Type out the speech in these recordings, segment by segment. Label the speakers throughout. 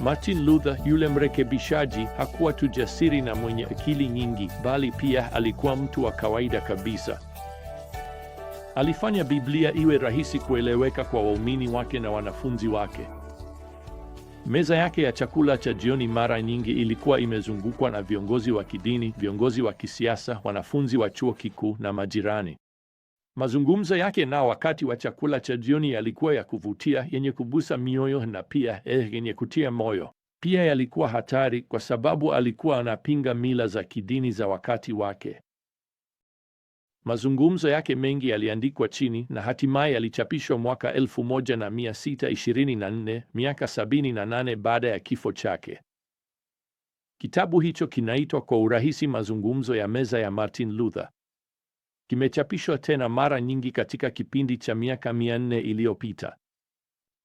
Speaker 1: Martin Luther yule mrekebishaji hakuwa tu jasiri na mwenye akili nyingi, bali pia alikuwa mtu wa kawaida kabisa. Alifanya Biblia iwe rahisi kueleweka kwa waumini wake na wanafunzi wake. Meza yake ya chakula cha jioni mara nyingi ilikuwa imezungukwa na viongozi wa kidini, viongozi wa kisiasa, wanafunzi wa chuo kikuu na majirani. Mazungumzo yake nao wakati wa chakula cha jioni yalikuwa ya kuvutia, yenye kugusa mioyo na pia eh, yenye kutia moyo. Pia yalikuwa hatari kwa sababu alikuwa anapinga mila za kidini za wakati wake. Mazungumzo yake mengi yaliandikwa chini na hatimaye yalichapishwa mwaka 1624, miaka 78 baada ya kifo chake. Kitabu hicho kinaitwa kwa urahisi Mazungumzo ya Meza ya Martin Luther kimechapishwa tena mara nyingi katika kipindi cha miaka mia nne iliyopita.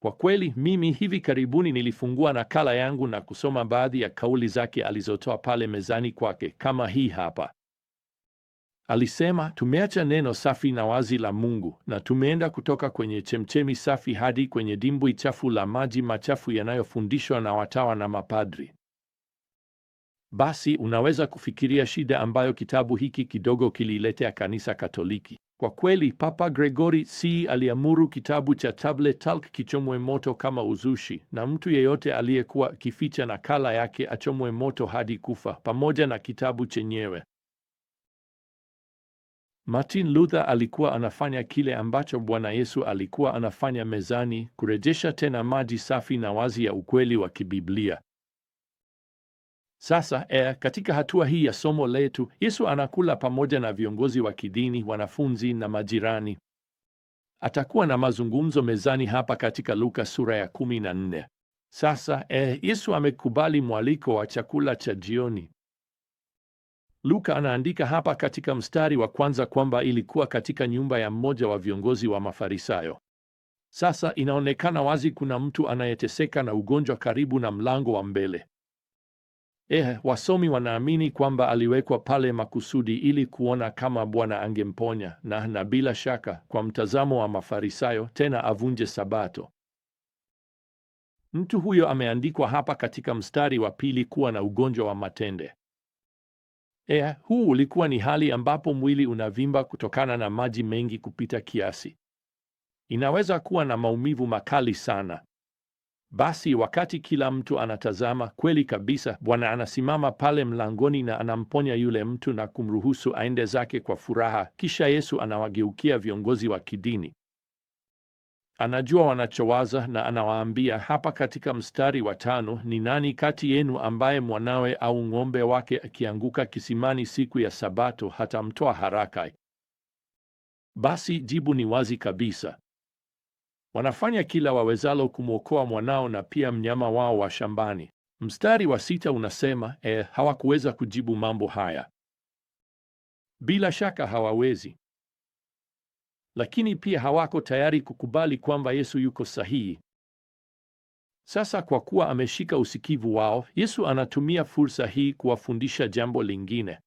Speaker 1: Kwa kweli, mimi hivi karibuni nilifungua nakala yangu na kusoma baadhi ya kauli zake alizotoa pale mezani kwake, kama hii hapa. Alisema, tumeacha neno safi na wazi la Mungu na tumeenda kutoka kwenye chemchemi safi hadi kwenye dimbwi chafu la maji machafu yanayofundishwa na watawa na mapadri. Basi unaweza kufikiria shida ambayo kitabu hiki kidogo kililetea kanisa Katoliki. Kwa kweli, Papa Gregori c aliamuru kitabu cha Table Talk kichomwe moto kama uzushi, na mtu yeyote aliyekuwa akificha nakala yake achomwe moto hadi kufa pamoja na kitabu chenyewe. Martin Luther alikuwa anafanya kile ambacho Bwana Yesu alikuwa anafanya mezani, kurejesha tena maji safi na wazi ya ukweli wa kibiblia. Sasa eh, katika hatua hii ya somo letu, Yesu anakula pamoja na viongozi wa kidini, wanafunzi na majirani. Atakuwa na mazungumzo mezani hapa katika Luka sura ya nne. Sasa eh, Yesu amekubali mwaliko wa chakula cha jioni. Luka anaandika hapa katika mstari wa kwanza kwamba ilikuwa katika nyumba ya mmoja wa viongozi wa Mafarisayo. Sasa inaonekana wazi kuna mtu anayeteseka na ugonjwa karibu na mlango wa mbele. Eh, wasomi wanaamini kwamba aliwekwa pale makusudi ili kuona kama Bwana angemponya na na bila shaka kwa mtazamo wa Mafarisayo tena avunje Sabato. Mtu huyo ameandikwa hapa katika mstari wa pili kuwa na ugonjwa wa matende. Eh, huu ulikuwa ni hali ambapo mwili unavimba kutokana na maji mengi kupita kiasi. Inaweza kuwa na maumivu makali sana. Basi wakati kila mtu anatazama, kweli kabisa, Bwana anasimama pale mlangoni na anamponya yule mtu na kumruhusu aende zake kwa furaha. Kisha Yesu anawageukia viongozi wa kidini. Anajua wanachowaza na anawaambia hapa katika mstari wa tano, ni nani kati yenu ambaye mwanawe au ng'ombe wake akianguka kisimani siku ya Sabato hatamtoa haraka? Basi jibu ni wazi kabisa. Wanafanya kila wawezalo kumwokoa mwanao na pia mnyama wao wa shambani. Mstari wa sita unasema e, hawakuweza kujibu mambo haya. Bila shaka hawawezi, lakini pia hawako tayari kukubali kwamba Yesu yuko sahihi. Sasa, kwa kuwa ameshika usikivu wao, Yesu anatumia fursa hii kuwafundisha jambo lingine.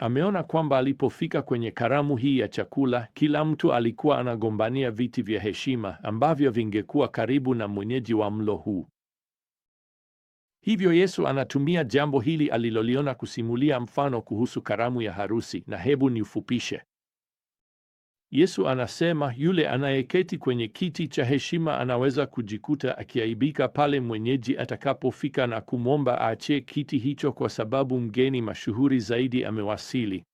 Speaker 1: Ameona kwamba alipofika kwenye karamu hii ya chakula, kila mtu alikuwa anagombania viti vya heshima ambavyo vingekuwa karibu na mwenyeji wa mlo huu. Hivyo Yesu anatumia jambo hili aliloliona kusimulia mfano kuhusu karamu ya harusi, na hebu niufupishe. Yesu anasema yule anayeketi kwenye kiti cha heshima anaweza kujikuta akiaibika pale mwenyeji atakapofika na kumwomba aachie kiti hicho kwa sababu mgeni mashuhuri zaidi amewasili.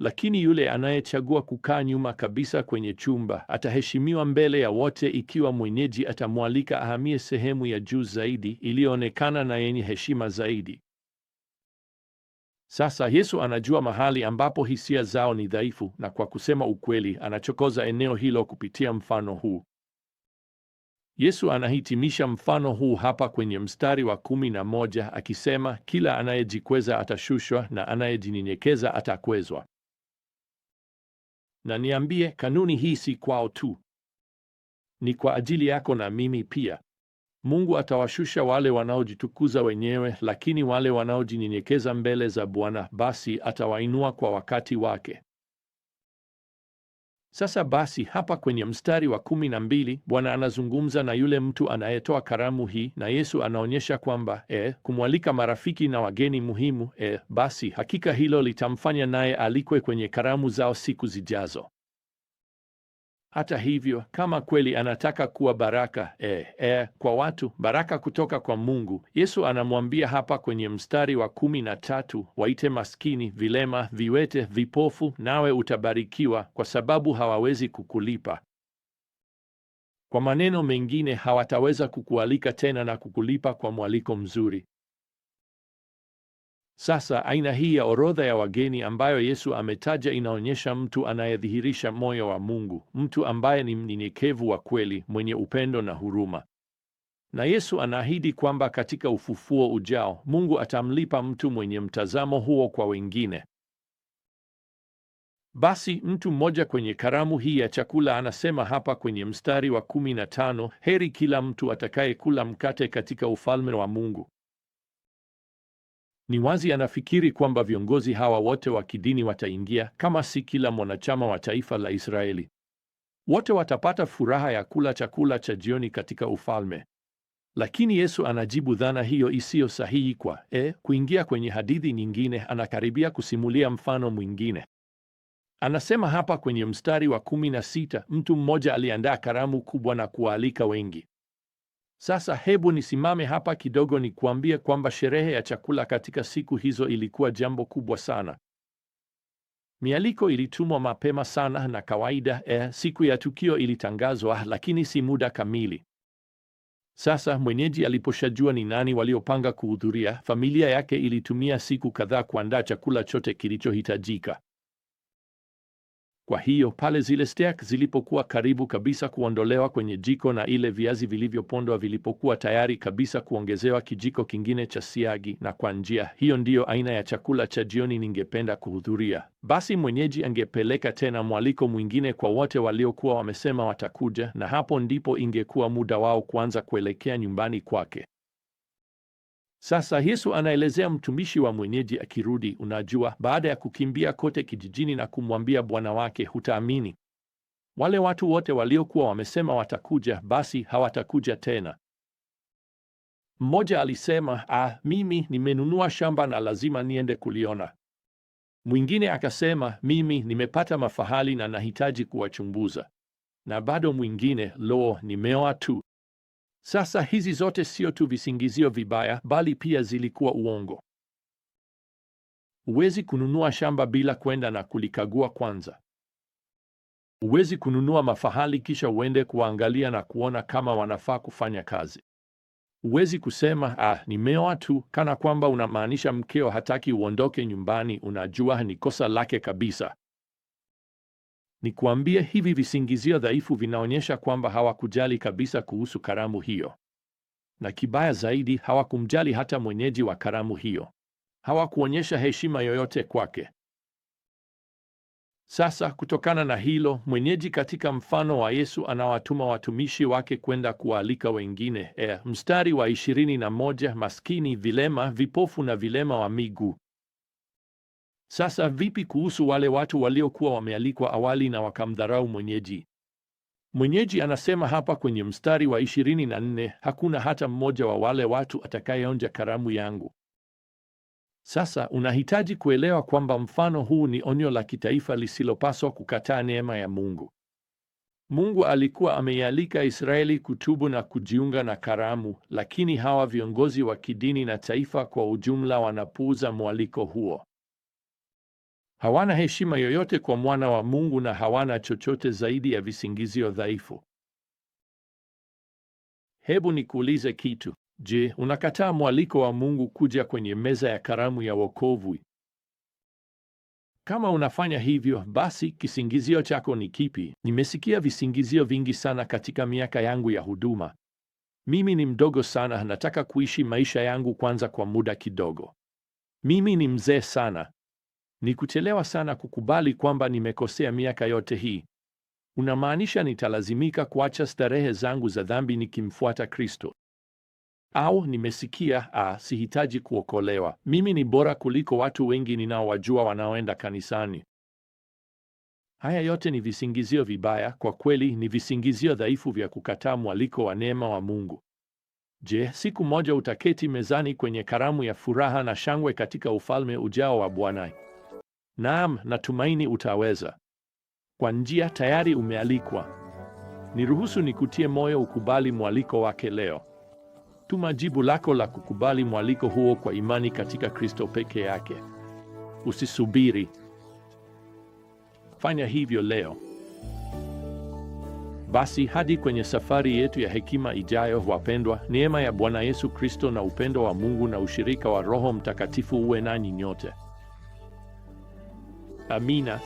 Speaker 1: Lakini yule anayechagua kukaa nyuma kabisa kwenye chumba ataheshimiwa mbele ya wote ikiwa mwenyeji atamwalika ahamie sehemu ya juu zaidi iliyoonekana na yenye heshima zaidi. Sasa Yesu anajua mahali ambapo hisia zao ni dhaifu, na kwa kusema ukweli, anachokoza eneo hilo kupitia mfano huu. Yesu anahitimisha mfano huu hapa kwenye mstari wa kumi na moja akisema, kila anayejikweza atashushwa na anayejinyenyekeza atakwezwa. Na niambie, kanuni hii si kwao tu, ni kwa ajili yako na mimi pia. Mungu atawashusha wale wanaojitukuza wenyewe, lakini wale wanaojinyenyekeza mbele za Bwana, basi atawainua kwa wakati wake. Sasa basi, hapa kwenye mstari wa kumi na mbili Bwana anazungumza na yule mtu anayetoa karamu hii, na Yesu anaonyesha kwamba e, kumwalika marafiki na wageni muhimu, e, basi hakika hilo litamfanya naye alikwe kwenye karamu zao siku zijazo. Hata hivyo, kama kweli anataka kuwa baraka e, e, kwa watu, baraka kutoka kwa Mungu, Yesu anamwambia hapa kwenye mstari wa kumi na tatu, waite maskini, vilema, viwete, vipofu, nawe utabarikiwa, kwa sababu hawawezi kukulipa. Kwa maneno mengine, hawataweza kukualika tena na kukulipa kwa mwaliko mzuri. Sasa aina hii ya orodha ya wageni ambayo Yesu ametaja inaonyesha mtu anayedhihirisha moyo wa Mungu, mtu ambaye ni mnyenyekevu wa kweli, mwenye upendo na huruma. Na Yesu anaahidi kwamba katika ufufuo ujao, Mungu atamlipa mtu mwenye mtazamo huo kwa wengine. Basi mtu mmoja kwenye karamu hii ya chakula anasema hapa kwenye mstari wa 15, heri kila mtu atakayekula mkate katika ufalme wa Mungu. Ni wazi anafikiri kwamba viongozi hawa wote wa kidini wataingia, kama si kila mwanachama wa taifa la Israeli. Wote watapata furaha ya kula chakula cha jioni katika ufalme. Lakini Yesu anajibu dhana hiyo isiyo sahihi kwa e, kuingia kwenye hadithi nyingine. Anakaribia kusimulia mfano mwingine. Anasema hapa kwenye mstari wa 16, mtu mmoja aliandaa karamu kubwa na kuwaalika wengi. Sasa hebu nisimame hapa kidogo ni kuambie kwamba sherehe ya chakula katika siku hizo ilikuwa jambo kubwa sana. Mialiko ilitumwa mapema sana na kawaida e, siku ya tukio ilitangazwa, lakini si muda kamili. Sasa mwenyeji aliposhajua ni nani waliopanga kuhudhuria, familia yake ilitumia siku kadhaa kuandaa chakula chote kilichohitajika. Kwa hiyo pale zile steak zilipokuwa karibu kabisa kuondolewa kwenye jiko na ile viazi vilivyopondwa vilipokuwa tayari kabisa kuongezewa kijiko kingine cha siagi, na kwa njia hiyo ndiyo aina ya chakula cha jioni ningependa kuhudhuria, basi mwenyeji angepeleka tena mwaliko mwingine kwa wote waliokuwa wamesema watakuja, na hapo ndipo ingekuwa muda wao kuanza kuelekea nyumbani kwake. Sasa Yesu anaelezea mtumishi wa mwenyeji akirudi, unajua, baada ya kukimbia kote kijijini na kumwambia bwana wake, hutaamini, wale watu wote waliokuwa wamesema watakuja, basi hawatakuja tena. Mmoja alisema, ah, mimi nimenunua shamba na lazima niende kuliona. Mwingine akasema, mimi nimepata mafahali na nahitaji kuwachunguza. Na bado mwingine, loo, nimeoa tu. Sasa hizi zote sio tu visingizio vibaya, bali pia zilikuwa uongo. Huwezi kununua shamba bila kwenda na kulikagua kwanza. Huwezi kununua mafahali kisha uende kuangalia na kuona kama wanafaa kufanya kazi. Huwezi kusema ah, nimeoa tu, kana kwamba unamaanisha mkeo hataki uondoke nyumbani. Unajua ni kosa lake kabisa. Ni kuambie hivi visingizio dhaifu vinaonyesha kwamba hawakujali kabisa kuhusu karamu hiyo, na kibaya zaidi, hawakumjali hata mwenyeji wa karamu hiyo. Hawakuonyesha heshima yoyote kwake. Sasa kutokana na hilo, mwenyeji katika mfano wa Yesu anawatuma watumishi wake kwenda kuwaalika wengine. E, mstari wa 21, maskini, vilema, vipofu na vilema wa miguu. Sasa vipi kuhusu wale watu waliokuwa wamealikwa awali na wakamdharau mwenyeji? Mwenyeji anasema hapa kwenye mstari wa 24, hakuna hata mmoja wa wale watu atakayeonja karamu yangu. Sasa unahitaji kuelewa kwamba mfano huu ni onyo la kitaifa lisilopaswa kukataa neema ya Mungu. Mungu alikuwa ameialika Israeli kutubu na kujiunga na karamu, lakini hawa viongozi wa kidini na taifa kwa ujumla wanapuuza mwaliko huo. Hawana heshima yoyote kwa mwana wa Mungu na hawana chochote zaidi ya visingizio dhaifu. Hebu nikuulize kitu. Je, unakataa mwaliko wa Mungu kuja kwenye meza ya karamu ya wokovu? Kama unafanya hivyo, basi kisingizio chako ni kipi? Nimesikia visingizio vingi sana katika miaka yangu ya huduma. Mimi ni mdogo sana, nataka kuishi maisha yangu kwanza kwa muda kidogo. Mimi ni mzee sana, ni kuchelewa sana kukubali kwamba nimekosea miaka yote hii. Unamaanisha nitalazimika kuacha starehe zangu za dhambi nikimfuata Kristo? Au nimesikia a ah, sihitaji kuokolewa, mimi ni bora kuliko watu wengi ninaowajua wanaoenda kanisani. Haya yote ni visingizio vibaya, kwa kweli ni visingizio dhaifu vya kukataa mwaliko wa neema wa Mungu. Je, siku moja utaketi mezani kwenye karamu ya furaha na shangwe katika ufalme ujao wa Bwana? Naam, natumaini utaweza. Kwa njia tayari umealikwa. Niruhusu nikutie moyo ukubali mwaliko wake leo. Tuma jibu lako la kukubali mwaliko huo kwa imani katika Kristo peke yake. Usisubiri. Fanya hivyo leo. Basi hadi kwenye safari yetu ya hekima ijayo, wapendwa, neema ya Bwana Yesu Kristo na upendo wa Mungu na ushirika wa Roho Mtakatifu uwe nanyi nyote. Amina.